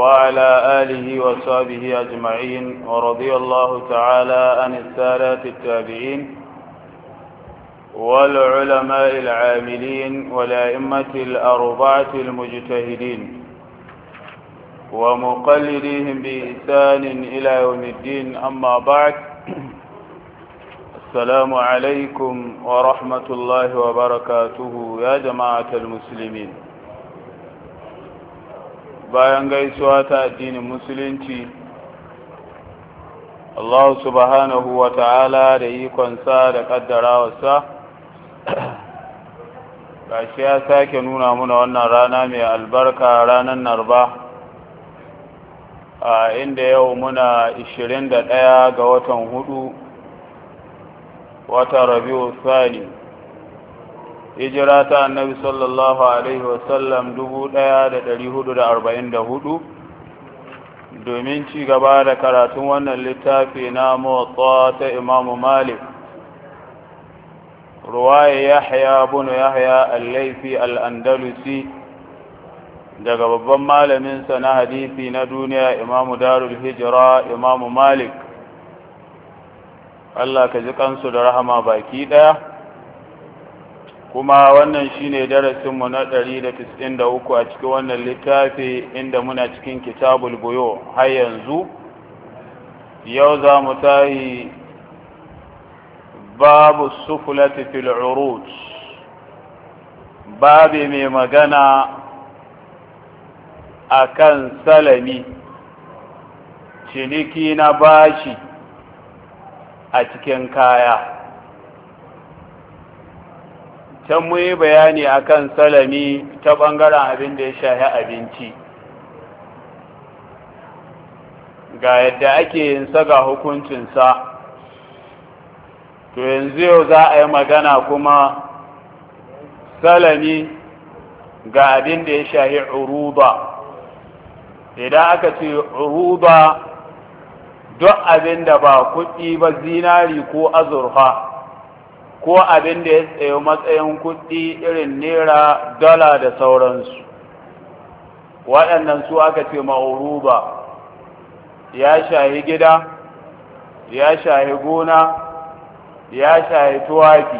وعلى آله وصحبه أجمعين ورضي الله تعالى عن السادات التابعين والعلماء العاملين والأئمة الأربعة المجتهدين ومقلديهم بإحسان إلى يوم الدين أما بعد السلام عليكم ورحمة الله وبركاته يا جماعة المسلمين bayan gaisuwa ta addinin musulunci Allah subhanahu wa ta'ala da ikonsa da ga shi ya sake nuna muna wannan rana mai albarka ranar narba a inda yau muna 21 ga watan hudu watan rabiu sani hijira ta annabi sallallahu alaihi wasallam 1444 domin ci gaba da karatun wannan littafi na motsa ta imamu malik ruwaye yahya bunu yahya al-laifi al-andalusi daga babban malaminsa na hadisi na duniya imamu darul hijira imamu malik Allah ka ji kansu da rahama baki ɗaya kuma wannan shine darasinmu na 193 a cikin wannan littafi inda muna cikin kitabul buyo har yanzu yau za mu tahi babu sufulati fil babi mai magana a kan salami ciniki na bashi a cikin kaya can mu yi bayani akan salami ta ɓangaren abin da ya shahi abinci ga yadda ake yin saga hukuncinsa to yanzu yau za a yi magana kuma salami ga abin da ya shahi uruba idan aka ce uruba duk abin da ba kuɗi ba zinari ko azurfa ko abin da ya tsaye matsayin kuɗi irin nera, dala da sauransu waɗannan su aka ce ma'uruba ya shahi gida ya shahi gona ya shahi tuwaki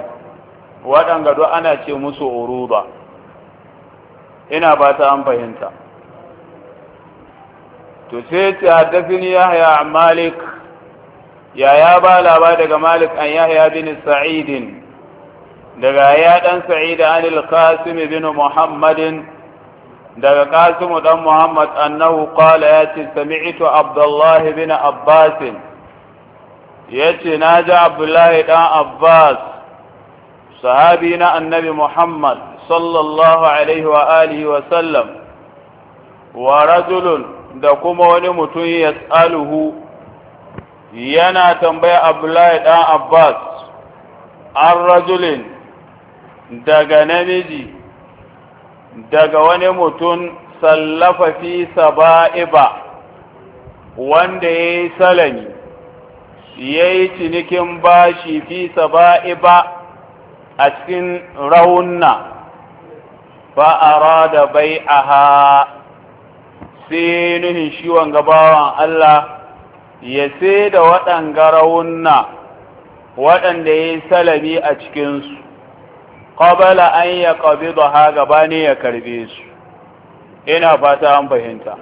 waɗanga duk ana ce musu uruba ina ba ta an fahimta to sai ta ya yahya malik ya ya ba laba daga malik an yahya bin sa'idin daga ya dan sa'id an al-qasim bin muhammadin daga qasim dan muhammad annahu qala ya ce sami'tu abdullah bin abbas ya ce na ji abdullahi dan abbas sahabi na annabi muhammad sallallahu alaihi wa alihi wa sallam wa rajulun da kuma wani mutum ya tsaluhu yana tambaya abdullahi ɗan abbas an rajulin daga namiji daga wani mutum sallafa fi saba'iba wanda ya yi salami ya yi cinikin bashi fi saba'iba a cikin rahunna ra da ha sai nuhin shi gabawan Allah ya da waɗanga garawunna waɗanda ya yi salami a cikinsu ƙabala an ya ƙabi da ha gaba ne ya karbe su ina fata an fahimta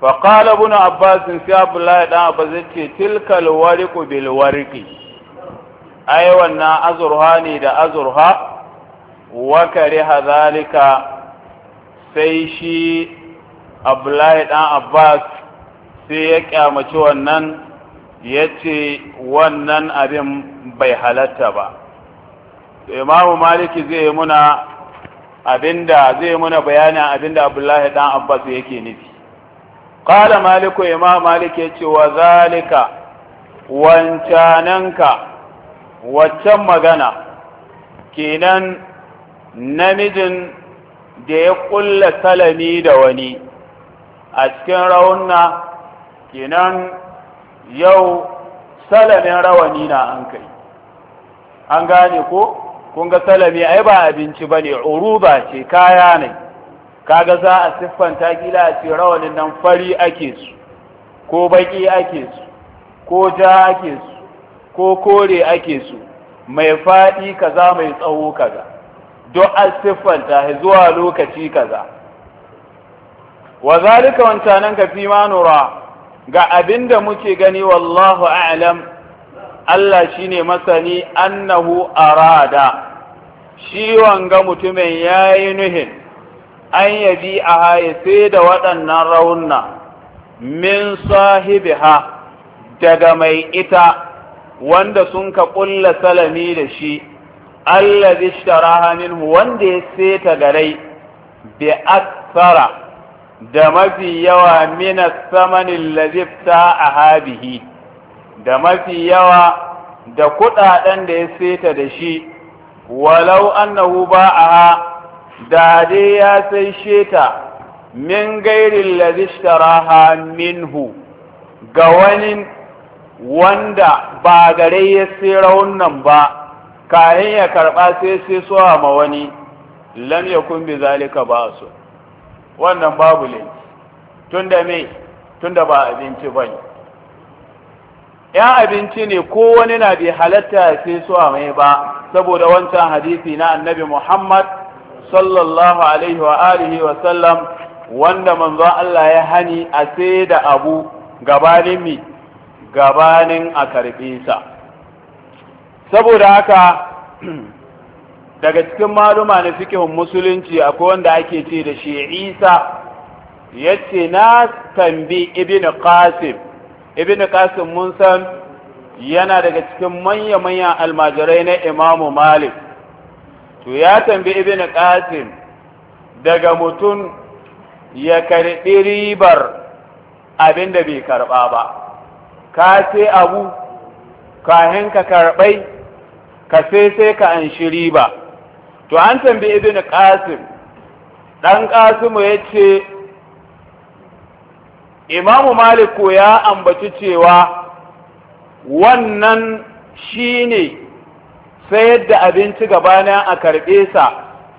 faƙala bin abbasin sai ya ɗan abu ce tilkal wariku bil wariki ai wannan azurha ne da azurha wa hazalika sai shi abdullahi ɗan abbas sai ya kyamaci wannan ya ce wannan abin bai halatta ba imamu maliki zai muna abinda zai muna bayanin abinda abdullahi dan abbas yake nufi qala maliku maliki ya ce wa zalika wancananka waccan magana kenan namijin da ya kulla salami da wani a cikin raunin. kenan yau salamin rawani na an kai an gane ko kun ga salami ai ba abinci bane uruba ce kaya ne kaga za a siffanta kila a ce rawanin nan fari ake su ko baki ake su ko ja ake su ko kore ake su mai faɗi kaza mai tsawo kaza don a siffanta zuwa lokaci kaza wa zalika nan ka fi manura ga abin da muke gani wallahu a'lam Allah shine masani annahu arada shi wanga mutumin yayi nuhin an yabi a haye sai da waɗannan raunna min sahibiha daga mai ita wanda sun ka ƙulla salami da shi allazi ishtaraha minhu wanda ya seta garai bi aksara da mafi yawa mina samanin lazifta a habihi da mafi yawa da kuɗaɗen da ya seta da shi walau annahu ba a da dai ya sai sheta min gairin lazishtaraha minhu ga wani wanda ba gare ya tsira wannan ba kayan ya karɓa sai sai suwa ma wani lam yakun bi zalika ba su wannan babu ne tunda me tunda ba abinci bane yan abinci ne ko wani na bi halatta sai su a mai ba saboda wancan hadisi na annabi Muhammad sallallahu alaihi wa alihi wa sallam wanda manzo Allah ya hani a sai da abu gabanin mi gabanin a karbe sa saboda haka daga cikin maluma na fikihun musulunci akwai wanda ake ce da shi isa ya ce na tambi ibn qasim ibn qasim mun san yana daga cikin manya-manyan almajirai na imamu malik to ya tambi ibn qasim daga mutum ya karɓi ribar abin da bai karɓa ba ka sai abu kahin ka karɓai ka sai sai ka an shi riba to an tambayi ibn qasim dan ya yace imamu malik ya ambaci cewa wannan shine sayar da abinci gabana a karbe sa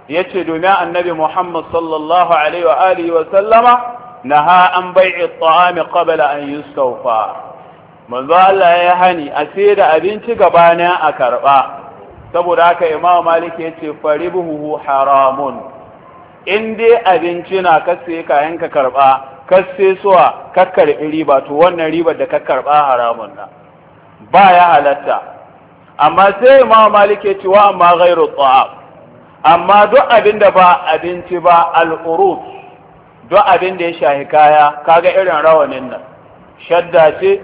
yace domin annabi muhammad sallallahu alaihi wa alihi wa sallama an bai'i at-ta'ami qabla an yustawfa manzo Allah ya hani a sayar da abinci gabana a karba saboda haka imam malik ya ce faribuhu haramun in dai abinci na kasse kayan ka karba kasse suwa ka karbi riba to wannan ribar da ka karba haramun na ba ya halatta amma sai imam malik ya ce wa amma ghairu ta'am amma duk abinda ba abinci ba al'urut duk abin da ya shahi kaya kaga irin rawanin nan shadda ce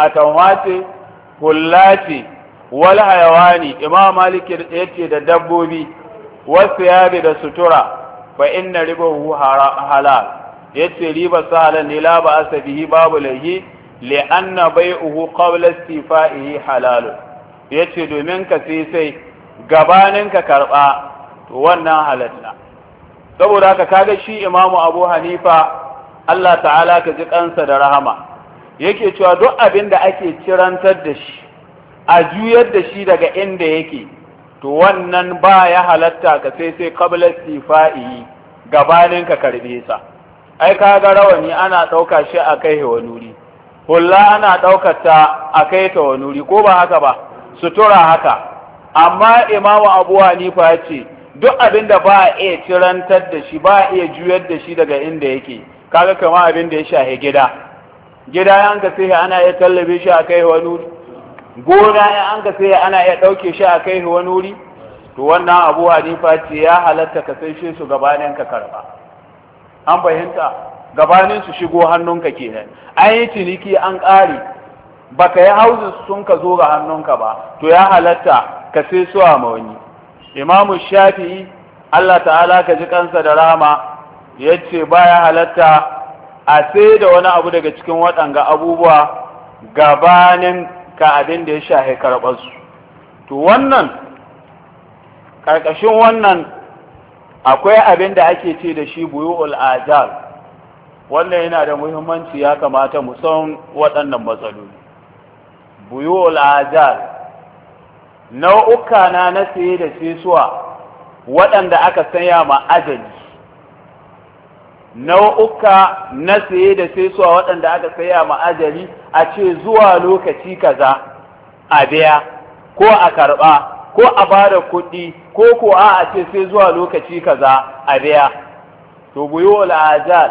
atamwa ce wal hayawani imam malik yace da dabbobi wasu yabi da sutura fa inna ribahu halal yace riba sala ne la ba asabihi babu lahi li anna bai'uhu qabla istifaihi halal yace domin ka sai sai gabanin ka karba to wannan halal saboda haka kaga shi imamu abu hanifa Allah ta'ala ka ji kansa da rahama yake cewa duk abin da ake cirantar da shi a juyar da shi daga inda yake to wannan ba ya halatta ka sai sai kabla sifa'i gabanin ka karbe sa ai ka ga rawani ana ɗauka shi a kai wanuri nuri hulla ana daukar ta a kai ta wa ko ba haka ba sutura haka amma imamu abu hanifa ya ce duk abin da ba a iya cirantar da shi ba a iya juyar da shi daga inda yake kaga kama abin da ya shahe gida gida yanka sai ana iya tallabe shi a kai gona ya an ka sai ana iya ɗauke shi a kai wani wuri to wannan abu hanifa ce ya halatta ka sai shi su gabanin ka karba an fahimta gabanin su shigo hannunka kenan an yi ciniki an ƙare baka yi hauzi sun ka zo ga hannunka ba to ya halatta ka sai su a mawani imamu shafi'i Allah ta'ala ka ji kansa da rama ya ce baya halatta a sai da wani abu daga cikin waɗanga abubuwa gabanin ga abin da ya shahe karɓarsu to wannan ƙarƙashin wannan akwai abin da ake ce da shi buyu ajal wannan yana da muhimmanci ya kamata mu san waɗannan matsaloli buyu ajal nau'uka na na saye da sesuwa waɗanda aka sanya ma ajali nau'uka na saye da sai suwa waɗanda aka saya ma ajali a ce zuwa lokaci kaza a biya ko a karɓa ko a ba da kuɗi ko ko a a ce sai zuwa lokaci kaza a biya to buyul ajal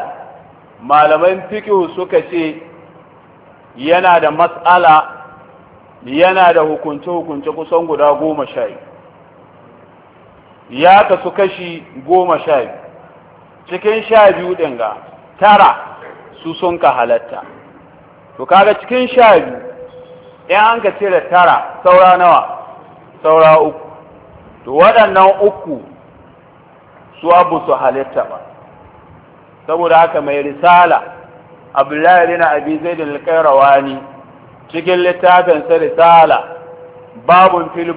malaman fiqh suka ce yana da mas'ala yana da hukunce hukunce kusan guda goma sha ya kasu kashi goma sha biyu cikin sha biyu ɗin ga tara su sun ka halatta to kaga cikin sha biyu in an ka ce da tara saura nawa saura uku to waɗannan uku su abu su halitta ba saboda haka mai risala abdullahi zai abi zaid rawa ni cikin littafin sa risala babun fil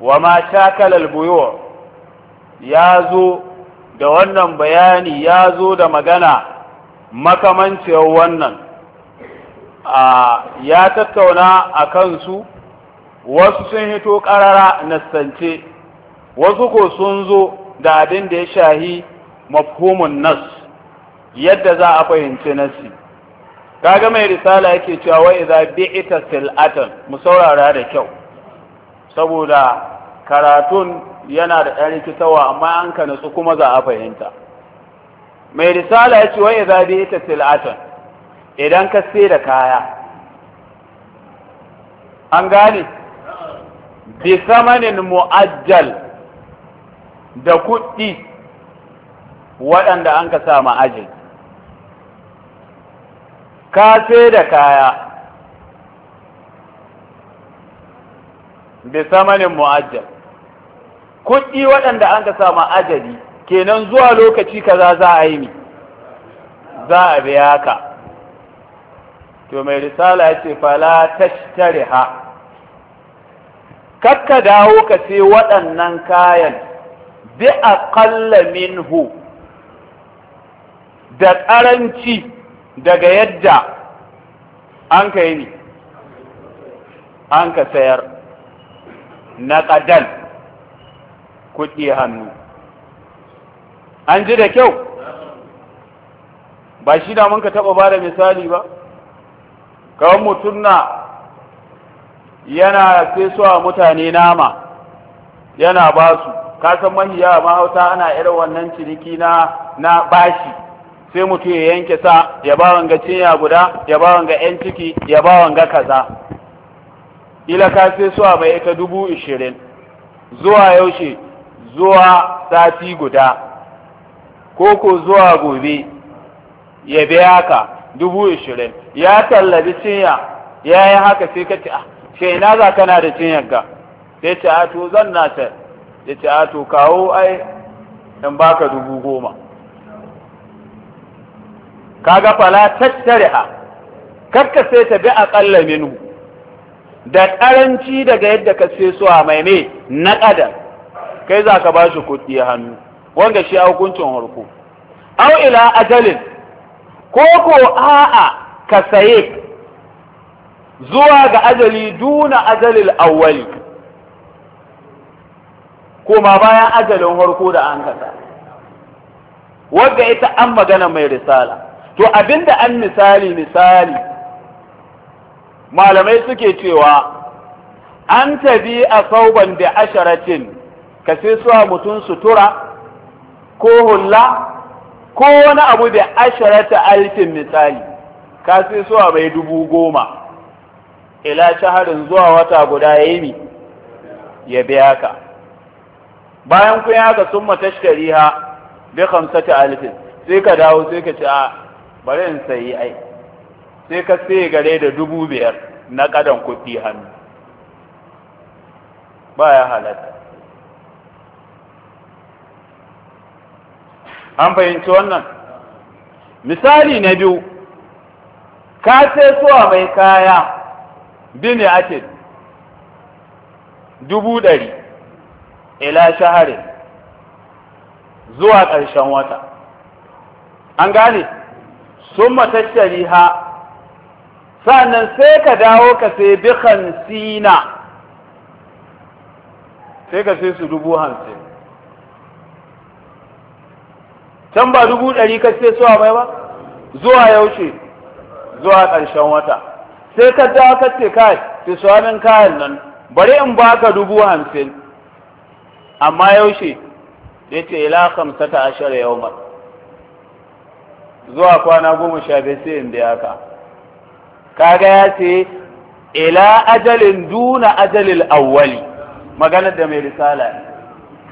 wa ma shakalar buyo ya zo da wannan bayani ya zo da magana makamanciyar wannan ya tattauna a kansu wasu sun hito ƙarara nassance wasu ko sun zo da abin da ya shahi mafhumun nas yadda za a fahimci nasi kaga mai risala yake cewa wai za bi ita sil'atan mu saurara da kyau saboda karatun yana da ɗan rikitawa, amma an ka nutsu kuma za a fahimta mai risala ya ce za idza bi ta silatan idan ka sai da kaya an gane bi samanin mu'ajjal da kuɗi waɗanda an ka sa ma'ajin ka sai da kaya bi samanin mu'ajjal kuɗi waɗanda an ka sama ajali kenan zuwa lokaci kaza za a yi mi za a biya ka to mai risala ya ce fala tare ha kakka dawo ka sai waɗannan kayan bi a min minhu da ƙaranci daga yadda an ka yi ni an ka sayar na ƙadan kuɗi hannu an ji da kyau ba shi da mun ka taɓa ba da misali ba kawai mutum na yana sai suwa mutane nama yana ba su kasan mahiya mahauta ana irin wannan ciniki na na bashi sai mutum ya yanke sa ya ba wanga cinya guda ya ba wanga yan ciki ya ba wanga kaza ila ka sai suwa mai ita dubu ishirin zuwa yaushe zuwa sati guda ko ko zuwa gobe ya biya ka dubu ishirin ya tallabi cinya ya yi haka sai ka ce a ah, ce ina za kana da cinyar ga sai ce a to zan na ta ya ce a to kawo ai in baka dubu goma kaga fala ha karka sai ta bi aƙalla minu da ƙaranci daga yadda ka sai su a mai ne na ƙadar kai za ka ba shi kuɗi hannu wanda shi a hukuncin harko au ila ajalin ko ko a'a ka saye zuwa ga ajali duna ajalil awwali kuma bayan ajalin harko da an kasa wadda ita an magana mai risala to abinda an misali misali malamai suke cewa an tabi a sauban da asharatin ka sai suwa mutum sutura ko hulla ko wani abu da asharata alfin misali ka sai suwa bai dubu goma ila shaharin zuwa wata guda ya yi ya biya ka bayan kun yaka sun matashkari ha bi hamsata alfin sai ka dawo sai ka ci a bari in sayi ai sai ka sai gare da dubu biyar na kadan kuɗi hannu ba ya halatta an fahimci wannan misali na biyu ka sai suwa mai kaya bini ake dubu ɗari ila shahari zuwa ƙarshen wata an gane sun matashari ha sannan sai ka dawo ka sai bi hansina sai ka sai su dubu hamsin can ba dubu ɗari ka ce suwa mai ba zuwa yaushe zuwa ƙarshen wata sai ka da ka ce kai ki suwanin kayan nan bari in baka dubu hamsin amma yaushe ya ce ila hamsa ta ashar yau ma zuwa kwana goma sha biyar sai in biya ka kaga ya ce ila ajalin duna ajalil awwali maganar da mai risala ne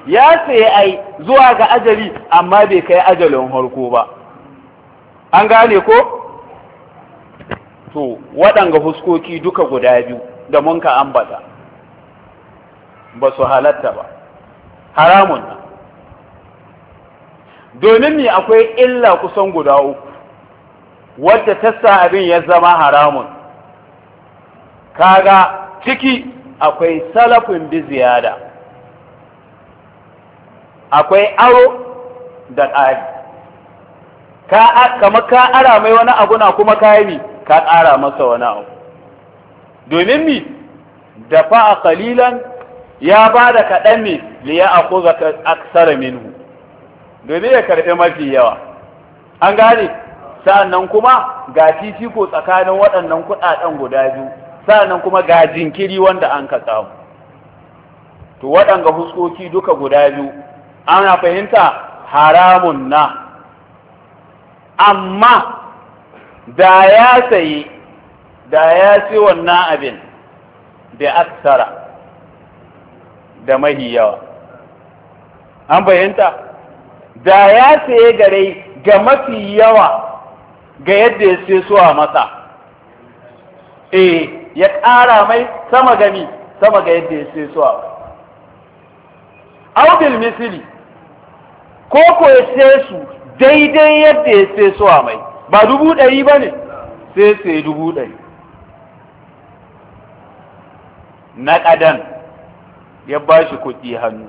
ya sayi ai zuwa ga ajali amma bai kai ajalin harko ba an gane ko to waɗanga huskoki duka guda biyu da munka ambata ba su halatta ba haramun nan domin ne akwai illa kusan guda uku wadda tasa abin ya zama haramun kaga ciki akwai salafin bi ziyada akwai aro da ƙari kama ka ara mai wani abu na kuma ka yi ka ƙara masa wani abu domin mi da fa'a kalilan ya ba da kaɗan ne aku a ko aksara minhu domin ya karɓi mafi yawa an gane nan kuma ga titi ko tsakanin waɗannan kuɗaɗen guda biyu nan kuma ga jinkiri wanda an ka samu to waɗanga huskoki duka guda biyu ana fahimta haramun na amma da ya sayi da ya ci wannan abin da aksara da mahi yawa an fahimta da ya saye gare ga mafi yawa ga yadda ya ce suwa masa eh ya ƙara mai sama gami sama ga yadda ya ce suwa aubil misili ko ko ya sai su daidai yadda ya sai su a mai ba dubu ɗari ba ne sai sai dubu ɗari na ƙadan ya ba shi kuɗi hannu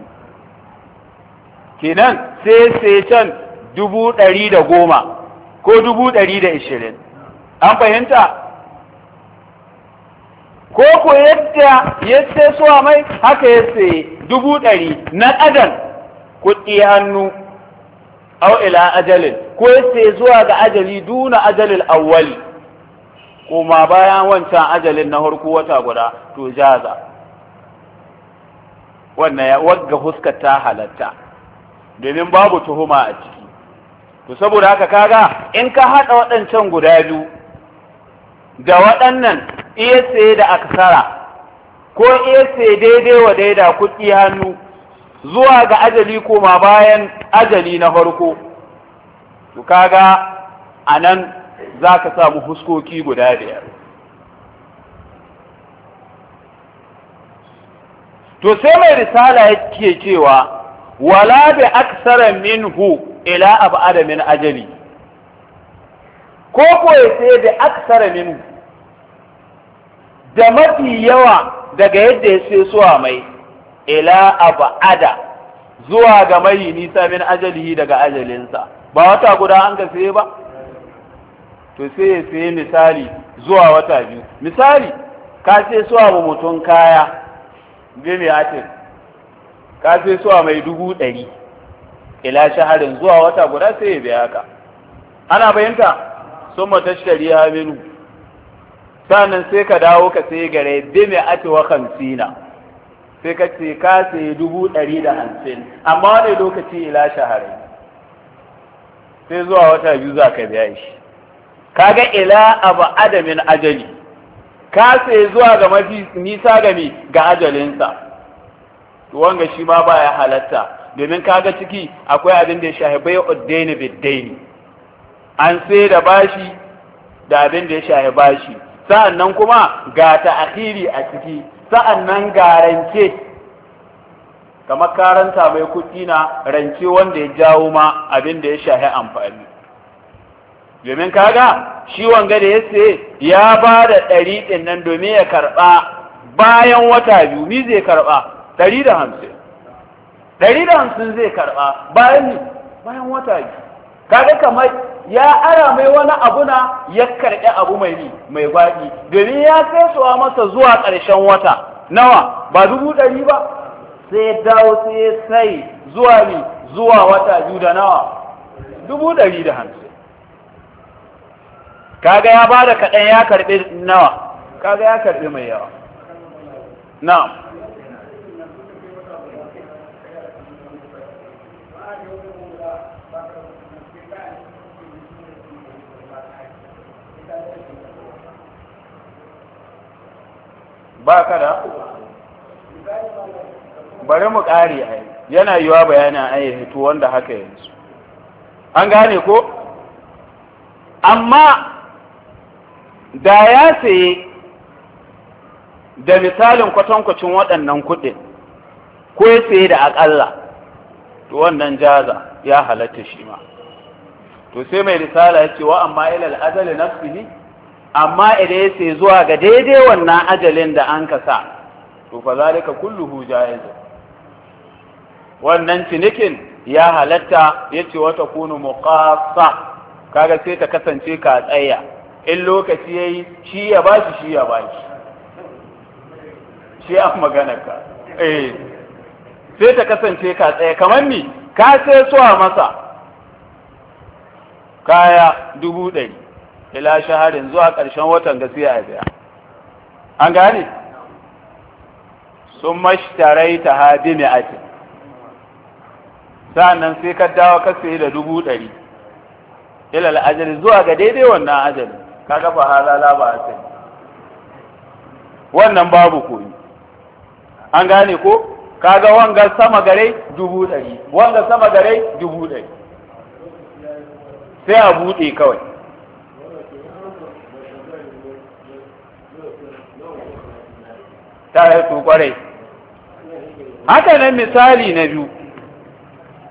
kenan sai sai can dubu ɗari da goma ko dubu ɗari da ishirin an fahimta ko ko yadda ya sai a mai haka ya sai dubu ɗari na ƙadan kuɗi hannu aw ila ajalin ko yace zuwa ga ajali duna ajalil awwali kuma bayan wancan ajalin na harko wata guda to jaza wannan ya wagga huskar ta halatta domin babu tuhuma a ciki to saboda haka kaga in ka haɗa waɗancan guda biyu da waɗannan iya da aksara ko iya daidai wa daida kuɗi hannu zuwa ga ajali koma bayan ajali na farko to kaga anan zaka samu huskoki guda biyar to sai mai risala yake cewa wala bi aksara minhu ila abada min ajali ko ko sai bi aksara minhu da mafi yawa daga yadda ya sai suwa mai ila abada zuwa ga mai nisa min ajalihi daga ajalinsa ba wata guda an ka sai ba to sai ya sai misali zuwa wata biyu misali ka sai suwa ba mutum kaya mai atin ka sai suwa mai dubu ɗari ila shaharin zuwa wata guda sai ya biya ka ana bayanta sun mata shari'a minu sannan sai ka dawo ka sai gare bime ati wa hamsina sai ka ce ka sai dubu ɗari da hamsin amma wani lokaci ila shahari sai zuwa wata biyu za ka biya shi ka ga ila abu adamin ajali ka sayi zuwa ga mafi nisa gami ga ajalinsa wanga shi ma ba ya halatta domin ka ga ciki akwai abin da ya shahi bai uddaini biddaini an sai da bashi da abin da ya shahi bashi sa'annan kuma ga ta a ciki nan ga rance ga karanta mai kuɗi na rance wanda ya jawo ma abin da ya shahi amfani domin kaga shi wanga da ya ce ya ba da ɗari ɗin nan domin ya karɓa bayan wata biyu ni zai karɓa ɗari da hamsin ɗari da hamsin zai karɓa bayan wata biyu kaga kamar ya ara mai wani abu na ya karɓi abu mai ni mai gwaɗi domin ya kai suwa masa zuwa ƙarshen wata nawa ba dubu ɗari ba sai dawo sai sai zuwa ni zuwa wata biyu da nawa dubu ɗari da hamsin kaga ya ba da kaɗan ya karɓi nawa kaga ya karɓi mai yawa na'am ba ka bari mu ƙari a yana yiwa bayanin a yi hito wanda haka yanzu an gane ko amma da ya saye da misalin kwatankwacin waɗannan kuɗin ko ya saye da aƙalla to wannan jaza ya halatta shi ma to sai mai risala ya ce wa amma ilal azali nafsihi amma idan ya ce zuwa ga daidai wannan ajalin da an ka sa to fa zalika kulluhu jaiz wannan cinikin ya halatta yace wata kunu muqassa kaga sai ta kasance ka tsaya in lokaci yayi shi ya bashi shi ya bashi shi a magana ka eh sai ta kasance ka tsaya kamar ni ka sai suwa masa kaya dubu ɗari ila shaharin zuwa ƙarshen watan gaskiya a biya an gane sun mashtarai ta hadi mai ake sa'annan sai ka dawo ka sayi da dubu ɗari ila ajali zuwa ga daidai wannan ajali ka kafa hala halala ba a sai wannan babu koyi an gane ko kaga wanga sama gare dubu ɗari wanga sama gare dubu ɗari sai a buɗe kawai ta haihu kwarai haka nan misali na biyu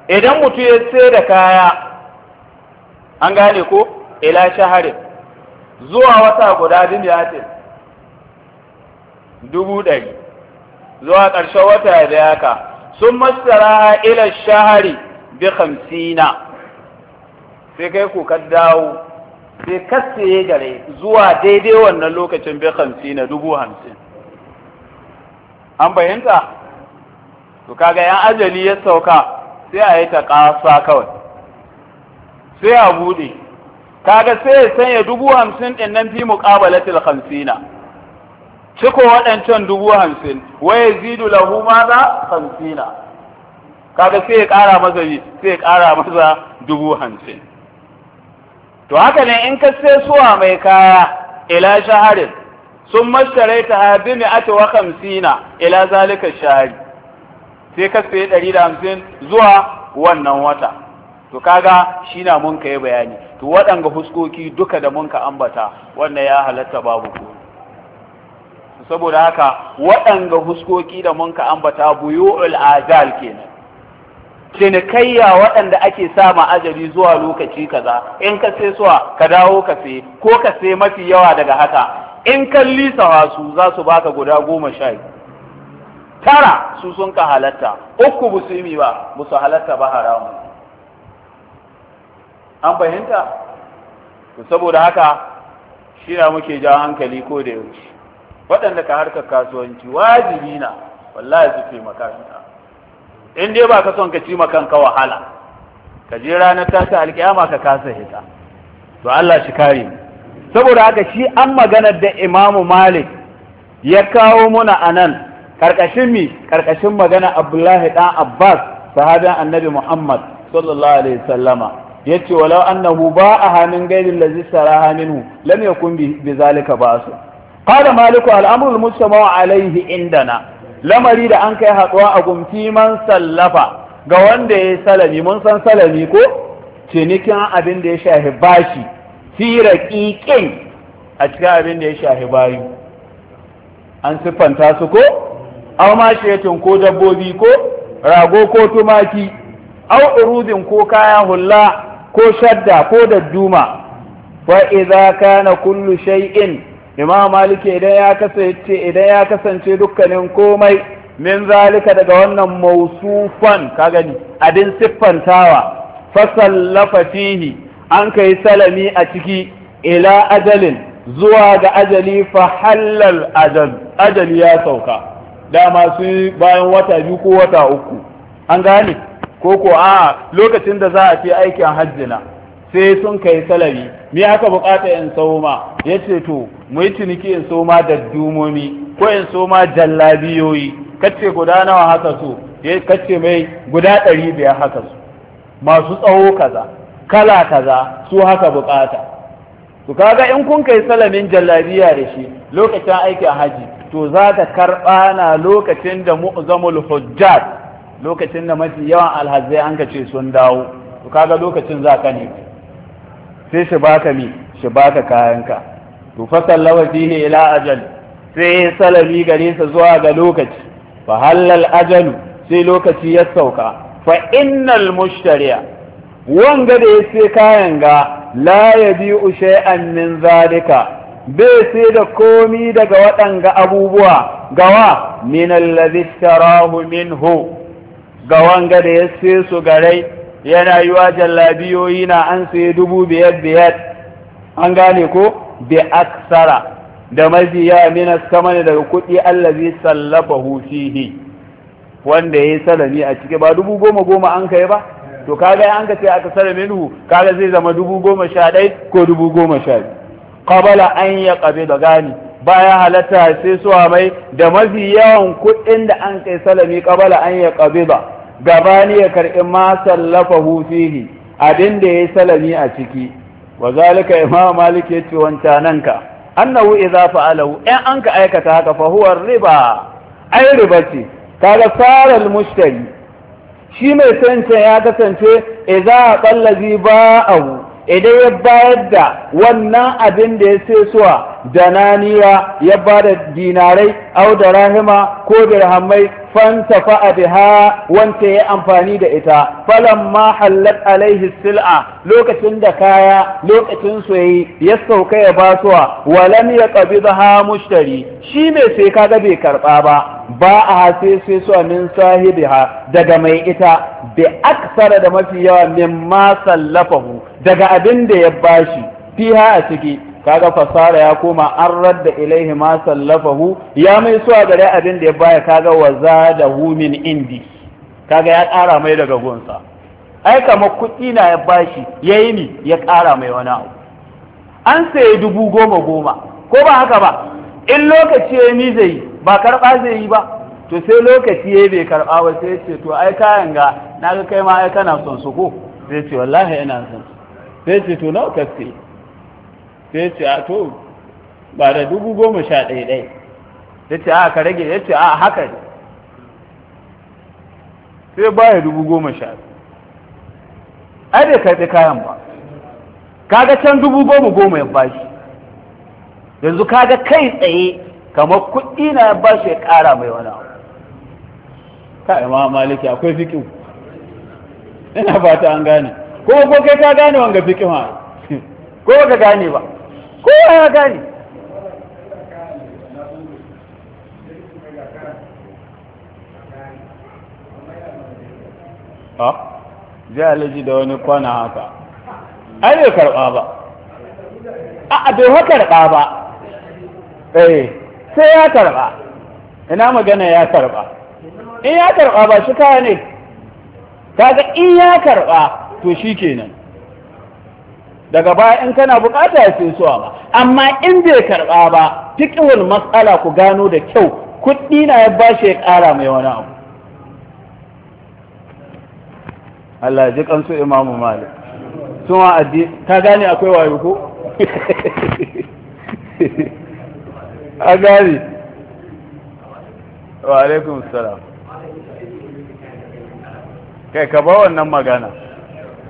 idan mutu ya sai da kaya an gane ko ila shaharin zuwa wata guda ya ce dubu ɗari zuwa ƙarshen wata da yaka sun masara ila shahari bi hamsina sai kai ku ka dawo sai ya gare zuwa daidai wannan lokacin bi hamsina dubu hamsin an bayanta to kaga yan ajali ya sauka sai a yi ta ƙasa kawai sai a buɗe kaga sai ya sanya dubu hamsin ɗin nan fi muƙabalatil hamsina ciko waɗancan dubu hamsin waye zidu lahu za hamsina kaga sai ya ƙara masa yi sai ya ƙara masa dubu hamsin to haka ne in ka sai suwa mai kaya ila shaharin sun mastare ta abin mai ake wa hamsina ila zalika Shari, sai ka sayi ɗari da hamsin zuwa wannan wata to kaga shi na mun ka yi bayani to waɗanga huskoki duka da mun ka ambata wannan ya halatta babu ku saboda haka waɗanga huskoki da mun ka ambata buyu'ul azal kenan cinikayya waɗanda ake sama ajali zuwa lokaci kaza in ka sai suwa ka dawo ka sai ko ka sai mafi yawa daga haka in kan lisa su za su baka guda goma sha tara su sun ka halatta uku ba su yi ba ba su halatta ba haramu an fahimta to saboda haka shi na muke jawo hankali ko da yaushe waɗanda ka harkar kasuwanci wajibi na wallahi su fi makaranta in dai ba ka son ka ci kanka wahala ka je ranar tasa alƙiyama ka kasa hita to Allah shi kare mu saboda haka shi an maganar da imamu malik ya kawo muna a nan ƙarƙashin mi ƙarƙashin magana abdullahi ɗan abbas sahabin annabi muhammad sallallahu alaihi sallama ya ce walau annahu ba a hannun gairin lazi saraha minhu lam yakun bi zalika ba su qala maliku al'amrul mustamaw alaihi indana lamari da an kai haɗuwa a gumti man sallafa ga wanda ya salami mun san salami ko cinikin abin da ya shahi bashi fi ƙiƙin a cikin abin da ya shahi bayu an siffanta su ko au mashiyatin ko dabbobi ko rago ko tumaki au urudin ko kaya hulla ko shadda ko dadduma fa idza kana kullu shay'in imam maliki idan ya kasance idan ya kasance dukkanin komai min zalika daga wannan mausufan ka gani adin siffantawa fasallafa fihi an kai salami a ciki ila ajalin zuwa ga ajali fa halal ajal ajali ya sauka dama su bayan wata biyu ko wata uku an gane ko ko a lokacin da za a fi aikin hajjina sai sun kai salami me aka bukata in soma yace to mu yi ciniki in sauma da dumomi ko in soma jallabiyoyi kace guda nawa haka su kace mai guda ɗari haka su masu tsawo kaza kala kaza su haka bukata to kaga in kun kai salamin jallabiya da shi lokacin aiki a haji to za ka karɓa na lokacin da mu'zamul hujjat lokacin da mafi yawan alhazai an ka ce sun dawo to kaga lokacin za ka ne sai shi baka mi shi baka kayanka to sallawa dini ila ajal sai salami gare sa zuwa ga lokaci fa halal ajalu sai lokaci ya sauka fa innal mushtariya wanga da ya sai kayan ga la ya biyu shay'an min zalika bai sai da komi daga waɗanga abubuwa gawa min allazi tarahu minhu ga wanga da ya sai su garai yana yi wa jallabiyoyi na an sai dubu biyar biyar an gane ko bi aksara da majiya min samani daga kuɗi allazi sallafahu fihi wanda ya yi salami a ciki ba dubu goma goma an kai ba to kaga an ka ce aka sare minhu kaga zai zama dubu goma sha ɗai ko dubu goma sha biyu qabala an ya qabi da gani baya halatta sai suwa mai da mafi yawan kuɗin da an kai salami kabala an ya qabi ba gabani ya karɓi ma sallafa fihi abin da yayi salami a ciki wa zalika imam malik yace nan ka annahu idza fa'alahu in an ka aikata haka fa riba ai riba ce kaga saral mushtari shi mai sayancan ya kasance a idza ba abu idan ya bayar da wannan abin da ya sai suwa dananiya ya ba da dinarai au da rahima ko dirhamai fanta a biha wanda ya amfani da ita ma hallat alaihi sil'a lokacin da kaya lokacin soyayya ya sauka ya basuwa walam ya qabidha mushtari shi mai sai kaga bai karba ba ba a hase sai su amin sahibiha daga mai ita bi aksara da mafi yawa mimma sallafahu daga abinda ya bashi fiha a ciki kaga fasara ya koma an radda ilaihi ma sallafahu ya mai suwa gare abin da ya baya kaga wa hu min indi kaga ya ƙara mai daga gonsa ai kama kuɗi na ya bashi yayi ni ya ƙara mai wani abu an sayi dubu goma goma ko ba haka ba in lokaci ya ni zai ba karɓa zai yi ba to sai lokaci ya bai karɓa ba sai ce to ai kayan ga na ga kai ma ai kana son su ko sai ce wallahi ina son sai ce to nawa kaske sai ce a to ba da dubu goma sha ɗaya ɗai ya ce a ka rage ya ce a haka ne sai baya dubu goma sha ai bai karɓi kayan ba kaga can dubu goma goma ya bashi yanzu kaga kai tsaye kamar kuɗi na ya bashi ya ƙara mai wani abu ka ima maliki akwai fiƙi ina ba ta an gane ko ko kai ka gane wanga fiƙi ma ko ka gane ba kowa ya gane a alaji da wani kwana haka ai bai karɓa ba a bai ha karɓa ba eh sai ya karɓa ina magana ya karɓa in ya karɓa ba shi kaya ne kaga in ya karɓa to shi kenan daga baya in kana bukata ya fi suwa ba amma in bai karɓa ba tikiwar matsala ku gano da kyau kuɗi na ya ba shi ya ƙara mai wani abu Allah ji kansu imamu malik ma addi ka gane akwai wayo ko a gane wa alaikum salam kai ka ba wannan magana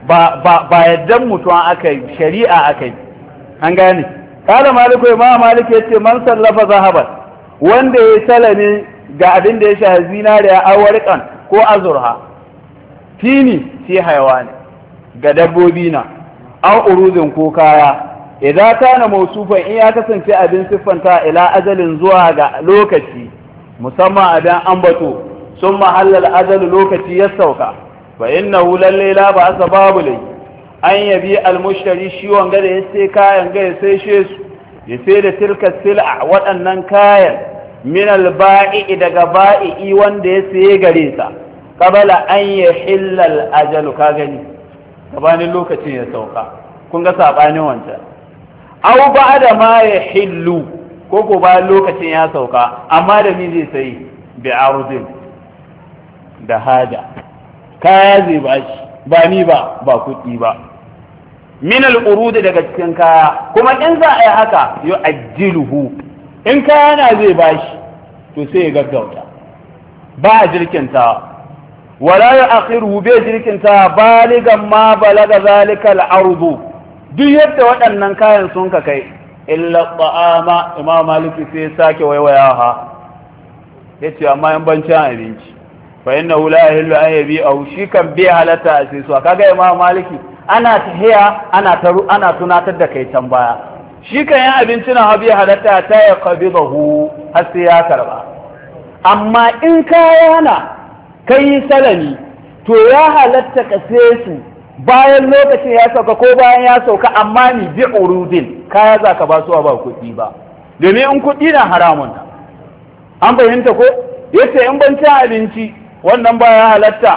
ba yaddan mutuwa aka yi shari'a aka yi an gane kala maliku ma'a malik ya ce man sallafa zahabar. wanda ya salame ga abin da ya sha zinariya awarqan ko azurha fini fi ne. ga dabbobi na an uruzin ko kaya idan na mausufan in ya kasance abin siffanta ila azalin zuwa ga lokaci musamman abin ambato sun mahallar ajalu lokaci ya sauka fa innahu lalle la ba asa babu lai an yabi almushtari shi wanga da ya sai kayan ga ya sai she su ya sai da tilka sil'a waɗannan kayan min alba'i daga ba'i wanda ya sai gare sa qabala an yahilla hillal ajal ka gani gabanin lokacin ya sauka kun ga sabanin wancan ba da ma hillu ko ko ba lokacin ya sauka amma da mi zai sai bi ardin da haja kaya zai ba shi ba ni ba ba kuɗi ba min al'urudi daga cikin kaya kuma in za a yi haka yo ajiluhu in kaya na zai ba shi to sai ya gaggauta ba a jirkinta wala ya akhiru bai jirkinta baligan ma balaga zalika ardu. duk yadda waɗannan kayan sun ka kai illa ta'ama imam maliki sai sake waiwayawa yace amma yan bancin abinci fa hu la yahillu an yabi'ahu shi kan bi halatta a sai su kaga imamu maliki ana tahiya ana taru ana tunatar da kai can baya shi kan yan abincin na habi halatta ta ya qabidahu har sai ya karba amma in ka yana kai salami to ya halatta ka sai su bayan lokacin ya sauka ko bayan ya sauka amma ni bi urudin kaya za ka ba su ba kuɗi ba domin in kuɗi na haramun an fahimta ko yace in ban ci abinci wannan baya halatta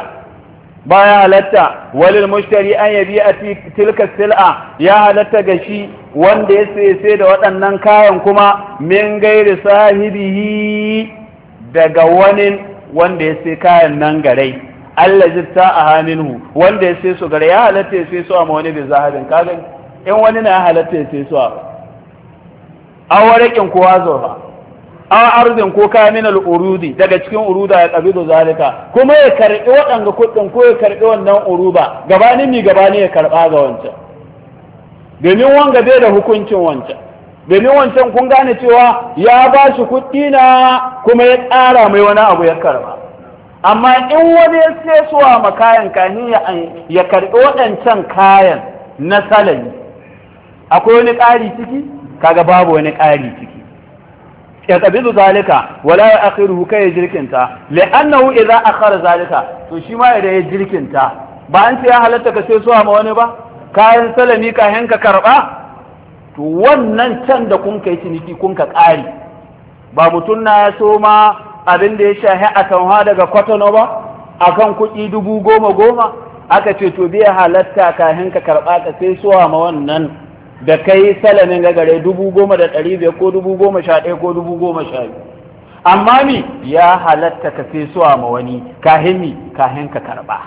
baya halatta walil mushtari an yabi a tilka sil'a ya halatta ga shi wanda ya sai da waɗannan kayan kuma min gairi sahibihi daga wani wanda ya sai kayan nan garai jitta a haminu wanda ya sai su gare ya halatta ya sai su ma wani bai zahabin kagan in wani na ya halatta ya sai su a awarekin kowa zo a arzin ko kaya min urudi daga cikin uruda ya qabidu zalika kuma ya karbi waɗanga kuɗin ko ya karbi wannan uruba gabanin mi gabani ya karba ga wancan domin wanga bai da hukuncin wancan domin wancan kun gane cewa ya ba shi kuɗi na kuma ya ƙara mai wani abu ya karba amma in wani ya sai suwa ma kayan kahin ya karbi waɗancan kayan na salami akwai wani ƙari ciki kaga babu wani ƙari ciki ya kabizu zalika wala ya akhiru kai ya jirkinta li'annahu idza akhara zalika to shi ma idan ya jirkinta ba an ce ya halatta ka sai suwa ma wani ba kayan salami ka hanka karba to wannan can da kun kai ciniki kun ka ƙari ba mutum na ya so ma abin da ya shahi a tanwa daga kwatano ba akan kuɗi dubu goma goma aka ce to biya halatta ka hanka karba ka sai suwa ma wannan da kai salamin ga gare dubu goma da ɗari biyar ko dubu goma sha ɗaya ko dubu goma sha biyu amma mi ya halatta ka sai suwa ma wani kahin mi kahin ka karɓa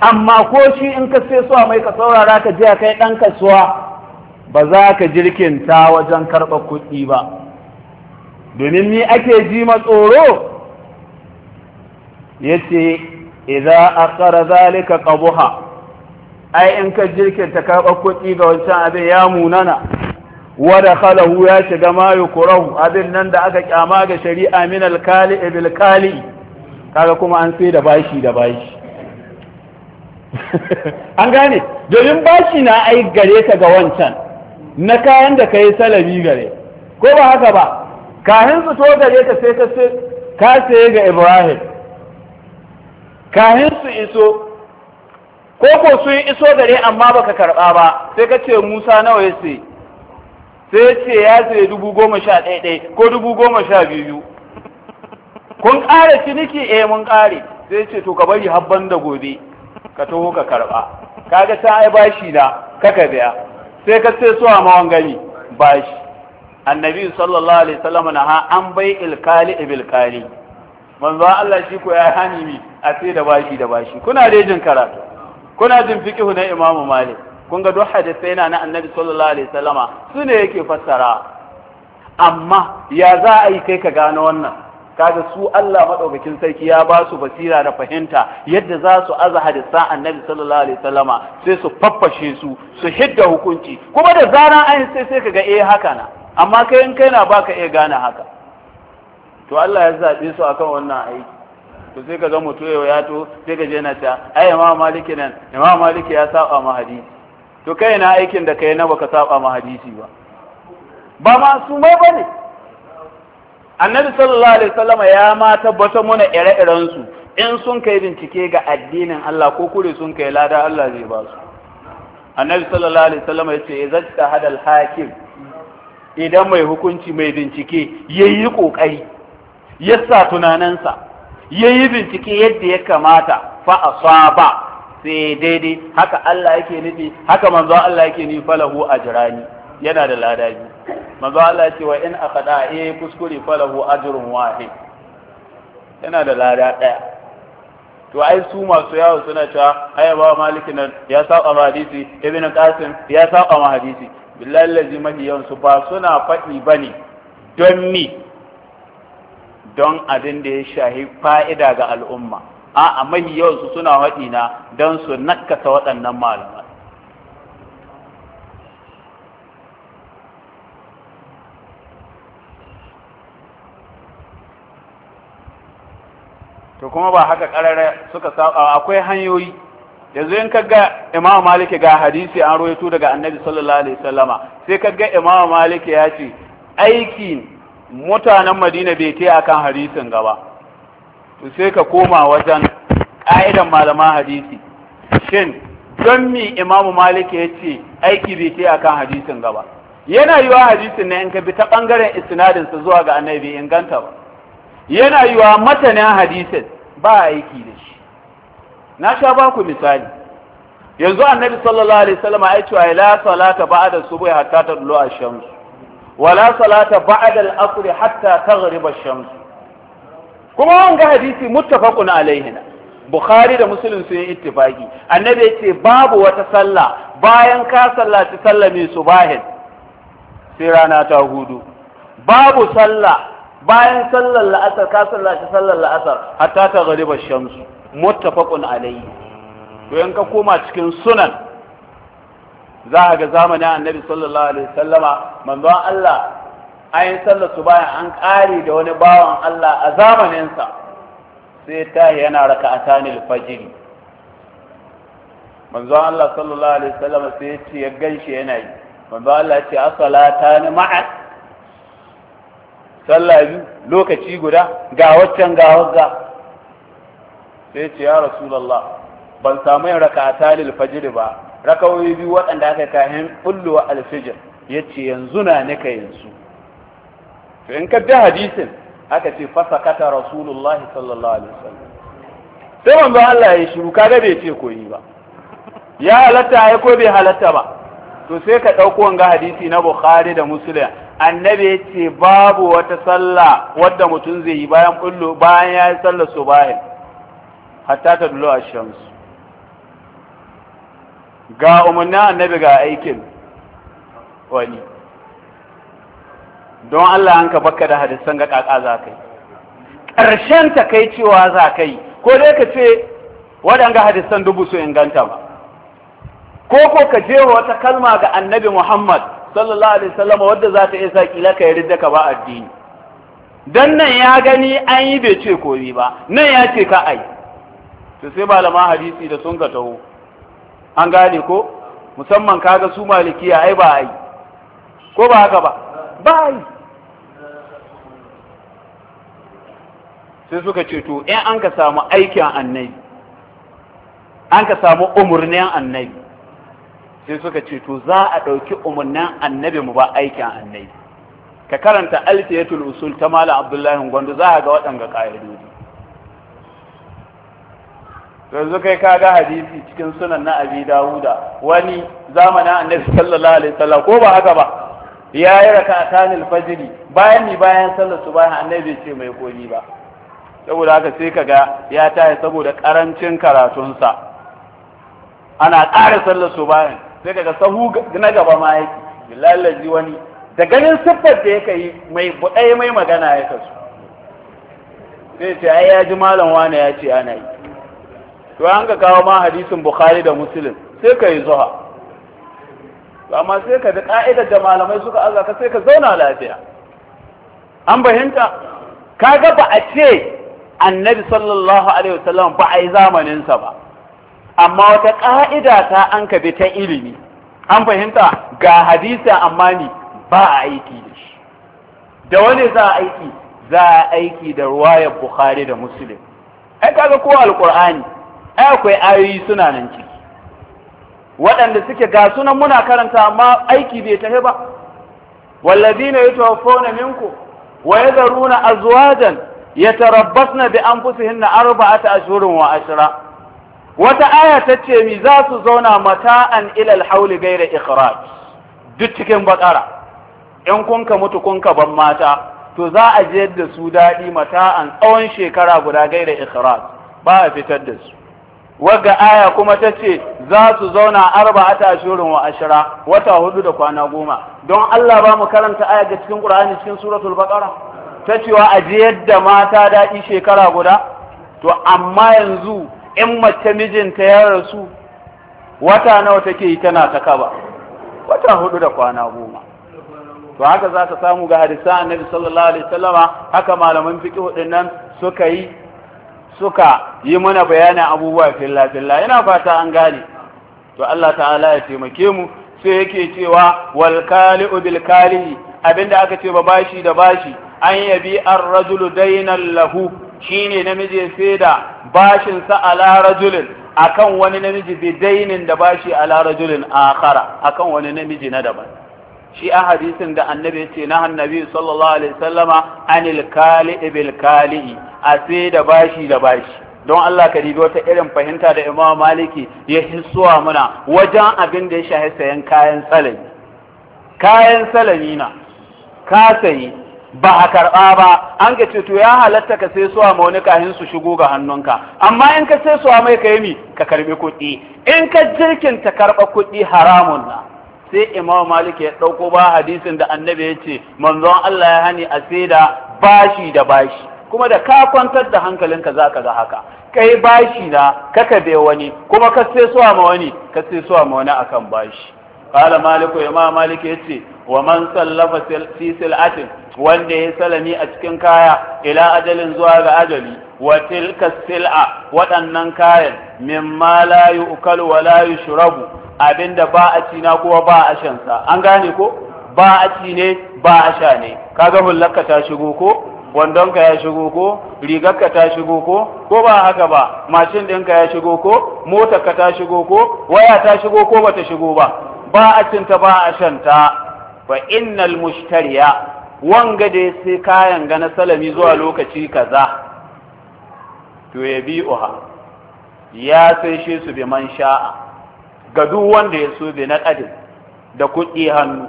amma ko shi in ka sai suwa mai ka saurara ka jiya kai ɗan kasuwa ba za ka jirkinta wajen karɓa kuɗi ba domin ni ake ji ma tsoro ya ce idan a zalika ƙabuha ai in ka jirkinta ka kuɗi ga wancan abin ya munana wada khalahu ya shiga ma yukurahu abin nan da aka kyama ga shari'a min alkali bil kali kaga kuma an sai da bashi da bashi an gane domin bashi na ai gare ka ga wancan na kayan da ka yi salabi gare ko ba haka ba kahin su to gare ka sai ka sai ka sai ga ibrahim kahin su iso ko ko sun iso gare amma baka karɓa ba sai ka ce musa nawa ya sai sai ce ya ce dubu goma sha ɗaya ɗaya ko dubu goma sha biyu kun ƙare ciniki eh mun ƙare sai ce to ka bari habban da gobe ka taho ka karɓa kaga ta ai bashi da kaka biya sai ka ce suwa mawan gani bashi annabi sallallahu alaihi wasallam na ha an bai ilkali ibilkali manzo Allah shi ko ya hani mi a sai da bashi da bashi kuna dai jin karatu kuna jin na Imam Malik kun ga duk hadisai na na Annabi sallallahu alaihi wasallama su ne yake fassara amma ya za a yi kai ka gano wannan kaga su Allah madaukakin sarki ya ba su basira da fahimta yadda za su aza hadisan Annabi sallallahu alaihi wasallama sai su faffashe su su hidda hukunci kuma da zaran an sai sai kaga eh haka na amma kai in kai na baka iya gane haka to Allah ya zabe su akan wannan aiki to sai ka ga mutu yau ya to sai ka je na ta ai imam maliki nan imam maliki ya saba ma hadisi to kai na aikin da kai na baka saba ma hadisi ba ba ma su mai bane annabi sallallahu alaihi wasallam ya ma tabbata muna ire-iren su in sun kai bincike ga addinin Allah ko kure sun kai lada Allah zai ba su annabi sallallahu alaihi wasallam ya ce ta hadal hakim idan mai hukunci mai bincike yayi kokari sa tunanansa ya yi bincike yadda ya kamata fa asaba sai daidai haka Allah yake nufi haka manzo Allah yake nufi falahu ajrani yana da lada manzo Allah ya ce wa in akada eh kuskure falahu ajrun wahid yana da lada daya to ai su masu yawo suna cewa ai ba maliki nan ya saba hadisi ibn qasim ya saba hadisi billahi allazi mafi su ba suna faɗi bane don ni don abin da ya shahi fa'ida ga al'umma a mahi yawansu suna waɗina don su nakasa waɗannan malamai to kuma ba haka ƙarar suka saba akwai hanyoyi yanzu yin kagga ga maliki ga hadisi an rawaito daga annabi sallallahu alaihi wasallama sai kagga ga maliki ya ce aikin mutanen madina bai ce kan hadisin gaba to sai ka koma wajen ƙa'idan malaman hadisi shin don mi imamu malik ya ce aiki bai ce kan hadisin gaba yana yiwa hadisin ne in ka bi ta bangaren isnadin zuwa ga annabi inganta ba yana yiwa matanin hadisin ba aiki da shi na sha ba ku misali yanzu annabi sallallahu alaihi wasallam ya ce la salata ba'da subhi hatta tadlu ash-shams wala salata ba'da al-asr hatta taghrib ash-shams kuma wanga hadisi muttafaqun alaihi bukhari da muslim sun yi ittifaki annabi yace babu wata sallah bayan ka sallaci sallami subahin sai rana ta hudu babu sallah bayan sallar la'asar ka sallaci sallar la'asar hatta ta gariba shamsu muttafaqun alayhi to in koma cikin sunan za a ga zamanin annabi sallallahu alaihi sallama manzon Allah ayin sallatu bayan an kare da wani bawan Allah a zamaninsa sai ta yana raka a tanil fajiri manzon Allah sallallahu alaihi sallama sai ce ya ganshi yana yi manzon Allah ce asalata ni ma'a sallah biyu lokaci guda ga waccan ga wagga sai ce ya rasulullah ban samu yin raka a tanil fajiri ba rakawoyi biyu waɗanda aka kayan bulluwa alfijir ya ce yanzu na nika yanzu to in ka bi hadisin aka ce fasa kata rasulullahi sallallahu alaihi wasallam sai wanzu Allah ya shiru kaga bai ce koyi ba ya halatta ya ko bai halatta ba to sai ka ɗauko wanga hadisi na Bukhari da musulun annabi ya ce babu wata sallah wadda mutum zai yi bayan bayan ya yi sallar bayan hatta ta dulo a shamsu ga umarnin annabi ga aikin wani don Allah an ka baka da hadisan ga kaka za kai ƙarshen ta kai cewa za kai ko dai ka ce waɗanga hadisan dubu su inganta ba ko ko ka je wata kalma ga annabi Muhammad sallallahu alaihi wasallam wadda za ta isa kila ka yarda ka ba addini dan nan ya gani an yi bai ce komi ba nan ya ce ka ai to sai malaman hadisi da sun ka taho an gane ko musamman kaga su malikiya ai ba ai ko ba haka ba ba ai sai suka ce to in an ka samu aikin annabi an ka samu umurnin annabi sai suka ce to za a ɗauki umarnin annabi mu ba aikin annabi ka karanta alfiyatul usul ta malam abdullahi gwandu za a ga waɗanga ƙa'idodi yanzu kai ka ga hadisi cikin sunan na abi dawuda wani zamanin annabi sallallahu alaihi wasallam ko ba haka ba ya yi raka tanil fajiri bayan ni bayan sallar su bayan annabi ce mai koli ba saboda haka sai ka ga ya taya saboda karancin karatunsa ana ƙara sallar su bayan sai ka ga sahu na gaba ma yake billahi wani da ganin siffar da yake yi mai buɗai mai magana ya kasu sai ce ai ya ji malam wani ya ce ana yi to an ka kawo ma hadisin bukhari da muslim sai ka yi zuha amma sai ka da ka'idar da malamai suka aza ka sai ka zauna lafiya an fahimta kaga ba a ce annabi sallallahu alaihi wasallam ba a yi zamaninsa ba amma wata ka'ida ta an ka bi ta ilimi an fahimta ga hadisi amma ni ba a aiki da shi da wani za a aiki za a aiki da ruwayar bukhari da muslim ai kaga ko alqur'ani akwai ayoyi suna nan ciki waɗanda suke ga sunan muna karanta amma aiki bai tafi ba wallazina yatawaffawna minkum wa yadharuna azwajan na bi arba'a ta ashirin wa ashira. wata aya ta ce mi za su zauna mata an ilal hauli gaira ikhraj duk cikin bakara in kunka mutu kunka ban mata to za a je da su daɗi an tsawon shekara guda gaira ikhraj ba a fitar da su waga aya kuma ta ce za su zauna arba'ata ashurin wa ashira wata hudu da kwana goma don Allah ba mu karanta aya ga cikin ƙura'ani cikin suratul Baqara ta cewa a yadda mata daɗi shekara guda to amma yanzu in mace mijinta ya rasu wata nawa take yi tana ta kaba wata hudu da kwana goma to haka za ka samu ga hadisa annabi sallallahu alaihi wasallama haka malaman fiqh din suka yi suka yi mana bayanin abubuwa filla filla ina fata an gane to Allah ta'ala ya taimake mu sai yake cewa wal kali bil kali abinda aka ce ba bashi da bashi an yabi ar rajul daynan lahu shine namiji sai da bashin sa ala rajulin akan wani namiji bi dainin da bashi ala rajulin akhara akan wani namiji na daban shi a hadisin da annabi ce na annabi sallallahu alaihi sallama anil kali bil kali a sai da bashi da bashi don Allah ka dibi wata irin fahimta da Imam Maliki ya hissuwa muna wajen abin da ya shahi sayan kayan salami kayan salami na ka sayi ba a karɓa ba an ga ce ya halatta ka sai suwa ma wani kahin su shigo ga hannunka amma in ka sai suwa mai ka yi mi ka karɓi kuɗi in ka ta karɓa kuɗi haramun na sai imam malik ya ɗauko ba hadisin da annabi ya ce manzon Allah ya hani a da bashi da bashi kuma da ka kwantar da hankalinka za ka ga haka kai bashi na kaka be wani kuma ka sai suwa ma wani ka sai suwa ma wani akan bashi qala malik ya malik ya ce wa man sallafa fi sil'atin wanda ya salami a cikin kaya ila ajalin zuwa ga ajali wa tilka sil'a waɗannan kayan mimma la yu'kalu wa la yushrabu Abin da ba a ci kuma ba a shansa, an gane ko ba a ci ne ba a sha ne kaga hullarka ta shigo ko wandonka ya shigo ko rigarka ta shigo ko ko ba haka ba mashin ɗinka ya shigo ko motarka ta shigo ko waya ta shigo ko ba ta shigo ba ba a cinta ba a shanta fa innal mushtariya wanga da sai kayan ga na salami zuwa lokaci kaza to ya bi uha ya sai shi su bi man sha'a ga duk wanda ya so bi na ƙadin da kuɗi hannu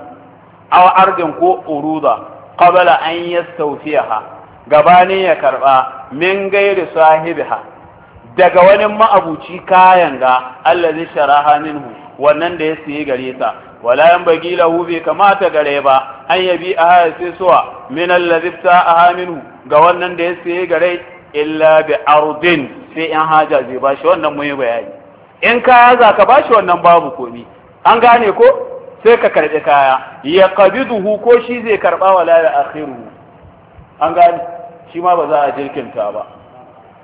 aw ardin ko uruda qabla an yastawfiha gabanin ya karba min gairi sahibiha daga wani ma'abuci kayan ga allazi sharaha minhu wannan da ya siye gare ta wala yan bagi lahu bai kamata gare ba an yabi a hayar sai suwa min allazi ta minhu ga wannan da ya siye gare illa bi ardin sai in haja zai bashi wannan muyi bayani in kaya za ka bashi wannan babu komi an gane ko sai ka karɓi kaya ya qabiduhu ko shi zai wa wala ya akhiru an gane shi ma ba za a jirkinta ba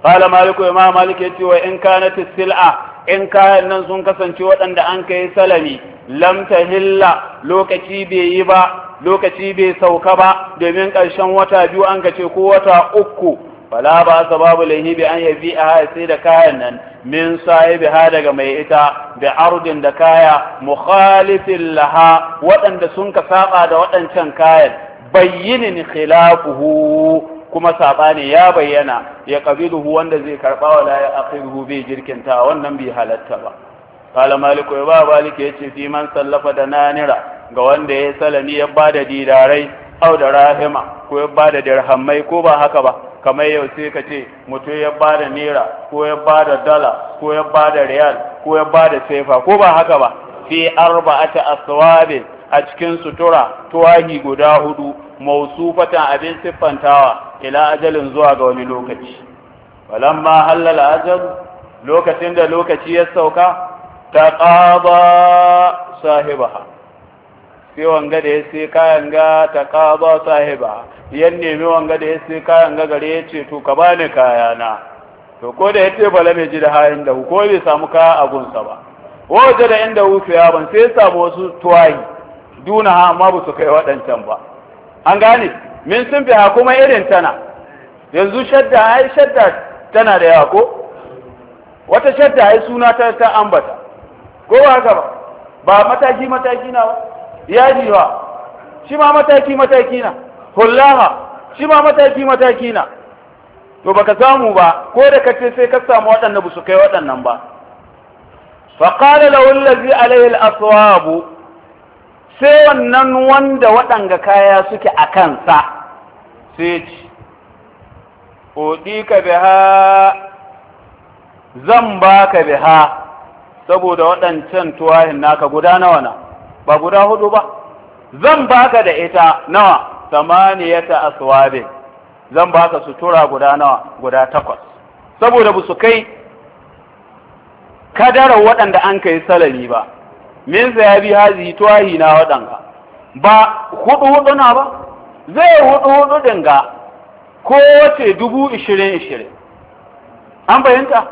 qala maliku ma malik yace wa in kanat sil'a in kayan nan sun kasance waɗanda an kai salami lam tahilla lokaci bai yi ba lokaci bai sauka ba domin ƙarshen wata biyu an ce ko wata uku fala ba sababu babu bi an yabi a sai da kayan nan min sahibiha daga mai ita da ardin da kaya mukhalifin laha waɗanda sun ka saba da waɗancan kayan bayyinin khilafuhu kuma ne ya bayyana ya qabiluhu wanda zai karɓa wa laye akhiruhu bai jirkinta wannan bai halatta ba kala maliku ya ba maliku yace fi man sallafa da nanira ga wanda ya salani ya bada didarai au da rahima ko ya bada dirhamai ko ba haka ba kamar yau sai ka ce mutum ya ba da naira ko ya ba da dala ko ya ba da riyal ko ya ba da sefa ko ba haka ba fi arba'ata aswabin a cikin sutura tuwahi guda hudu mausufatan abin siffantawa ila ajalin zuwa ga wani lokaci falamma halala ajal lokacin da lokaci ya sauka ta qada sahibaha sai wanga da ya sai kayan ga ta kaba sahiba yan nemi wanga da ya sai kayan ga gare ya ce to ka bani kayana to ko da ya ce bala mai ji da hayin da ko bai samu kaya a gunsa ba waje da inda wuce ya ban sai ya samu wasu tuwayi duna ha amma ba su kai waɗancan ba an gane min sun fi ha kuma irin tana yanzu shadda ai shadda tana da yawa ko wata shadda ai suna ta ta ambata ko ba haka ba ba mataki mataki na ba yaji wa shi ma mataki mataki na hullaha shi ma mataki mataki na to baka samu ba ko da ka ce sai ka samu waɗanda busu kai waɗannan ba fa qala lahu allazi alayhi al-aswab sai wannan wanda waɗanga kaya suke a kansa sai ya ce ka biha zan baka biha saboda waɗancan tuwahin naka guda nawa na ba guda hudu ba zan baka da ita nawa samaniyata aswabe zan baka sutura guda nawa guda takwas saboda ba su kai kadarar waɗanda an kai salari ba min bi hazi tuwahi na waɗanka. ba hudu hudu na ba zai hudu hudu dinga wace dubu ishirin ishirin an bayanta?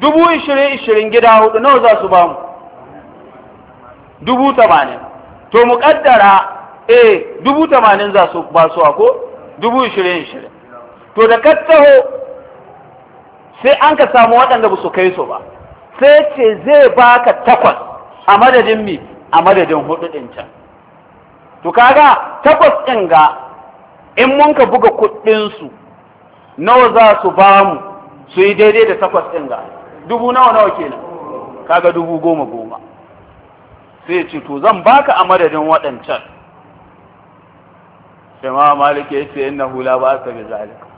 dubu ishirin ishirin gida hudu nawa za su bamu dubu tamanin to mu kaddara eh dubu tamanin za su ba su ko dubu ishirin ishirin to da kattaho sai an ka samu waɗanda ba su kai su ba sai ce zai baka takwas a madadin mi a madadin hudu ɗin can to kaga takwas ɗin ga in mun ka buga kuɗinsu nawa za su ba mu su yi daidai da takwas ɗin ga dubu nawa nawa kenan kaga dubu goma goma sai ce to zan baka a madadin waɗancan sai ma maliki ya ce inna hula ba ta bi zalika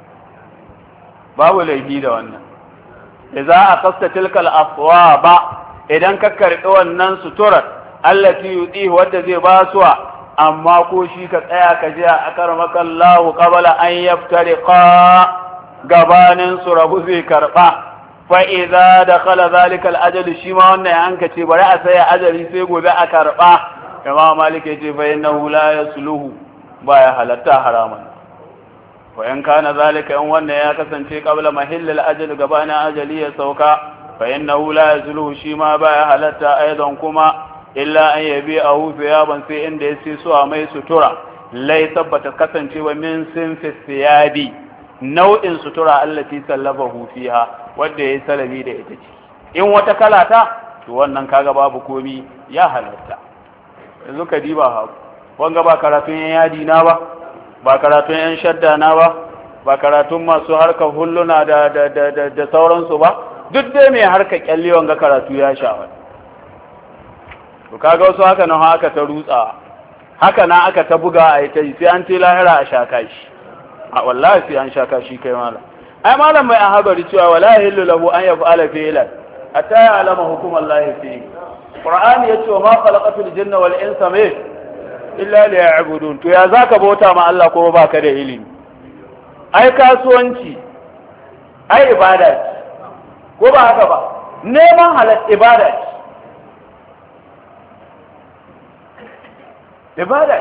babu laifi da wannan Za a kasta tilkal ba, idan ka karɓi wannan suturar Allah allati yudi wadda zai basuwa amma ko shi ka tsaya ka je a karmakallahu ƙabala an yaftariqa gabanin su rabu zai karɓa. fa'iza da kala zalikal ajali shi ma wannan ya hanka ce bari a saya ajali sai gobe a karɓa kama malik ya ce fa na hula ya suluhu ba ya halatta haraman fa in kana zalika in wannan ya kasance kabla mahillal ajali gabana ajali ya sauka fa na hula ya suluhu shi ma ba ya halatta aizon kuma illa an yi yabi a hufe ban sai inda ya ce su a mai sutura lai tabbata kasancewa min sinfis siyabi nau'in sutura allati sallafa hufiha wanda ya yi salami da ita ce in wata kala ta to wannan kaga babu komi ya halatta yanzu ka diba haku wanga ba karatun yan yadi na ba ba karatun yan shadda na ba ba karatun masu harka hulluna da da da da, da sauransu ba duk dai mai harka kyalle wanga karatu ya sha wani to kaga wasu haka nan haka ta rutsa haka na aka ta buga a ita sai an ce lahira a shaka shi a wallahi sai an shaka shi kai malam ai malam mai ahadari cewa wala yahillu lahu an yaf'ala fi'lan hatta ya'lama hukum Allah fi Qur'ani ce ma khalaqatul jinna wal insa me illa liya'budun to ya zaka bauta ma Allah ko ba ka da ilimi ai kasuwanci ai ibada ko ba haka ba neman halal ibada ibada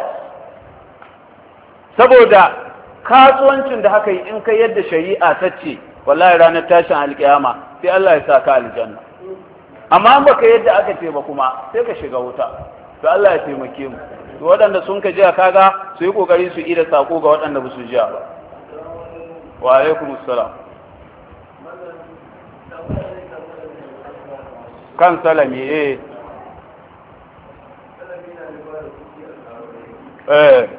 saboda kasuwancin da haka yi in kai yadda shari'a ta ce wallahi ranar tashin alƙiyama, sai Allah ya sa ka aljanna amma baka yadda aka ce ba kuma sai ka shiga wuta to Allah ya taimake mu to waɗanda sun ka jiya kaga su yi kokari su ida sako ga waɗanda ba su jiya ba wa alaikum assalam kan salami eh eh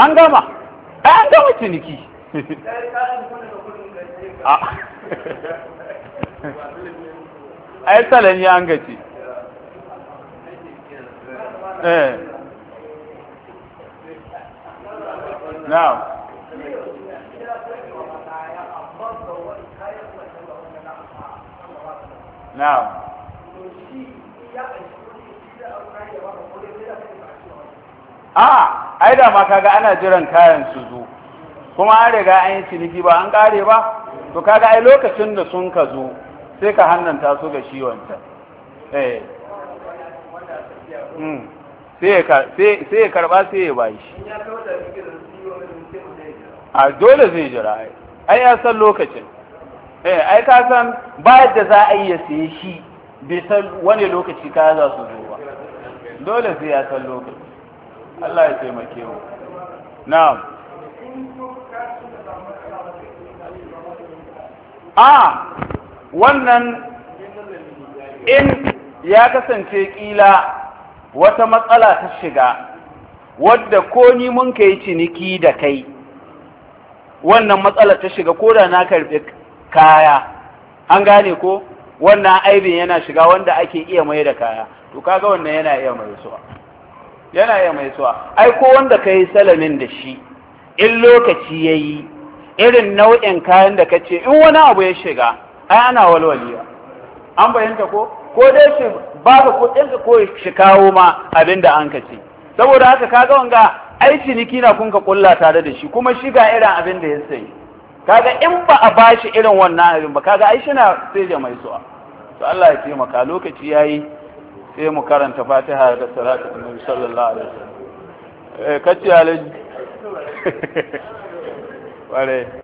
an gama an gama ciniki ah. ai salon ya an gaci eh now now ah ai da ma kaga ana jiran kayan su zo kuma an riga an yi ciniki ba an kare ba to kaga ai lokacin da sun ka zo sai ka hannanta su ga shi wancan eh hmm. sai ya karba sai ya bayi shi a dole zai jira ai ya san lokacin eh ai ka san ba yadda za a iya saye shi bai san wani lokaci ka za su zo ba dole sai ya san lokacin. Allah ya taimake mu na'am a wannan in ya kasance kila wata matsala ta shiga wadda ko ni mun kai ciniki da kai wannan matsala ta shiga ko da na karbi kaya an gane ko wannan aibin yana shiga wanda ake iya mai da kaya to kaga wannan yana iya mai suwa yana iya mai suwa ai ko wanda ka yi salamin da shi in lokaci ya yi irin nau'in kayan da ka ce in wani abu ya shiga ai ana walwaliya an bayanta ko ko dai shi ba ka ko shi kawo ma abin da an ka ce saboda haka kaga wanga ai ciniki na kun ka kulla tare da shi kuma shi ga irin abin da ya sayi kaga in ba a bashi irin wannan abin ba kaga ai shi na sai da mai suwa to Allah ya taimaka lokaci yayi sai mu karanta fatiha da salatu annabi sallallahu alaihi wasallam eh kace alai ware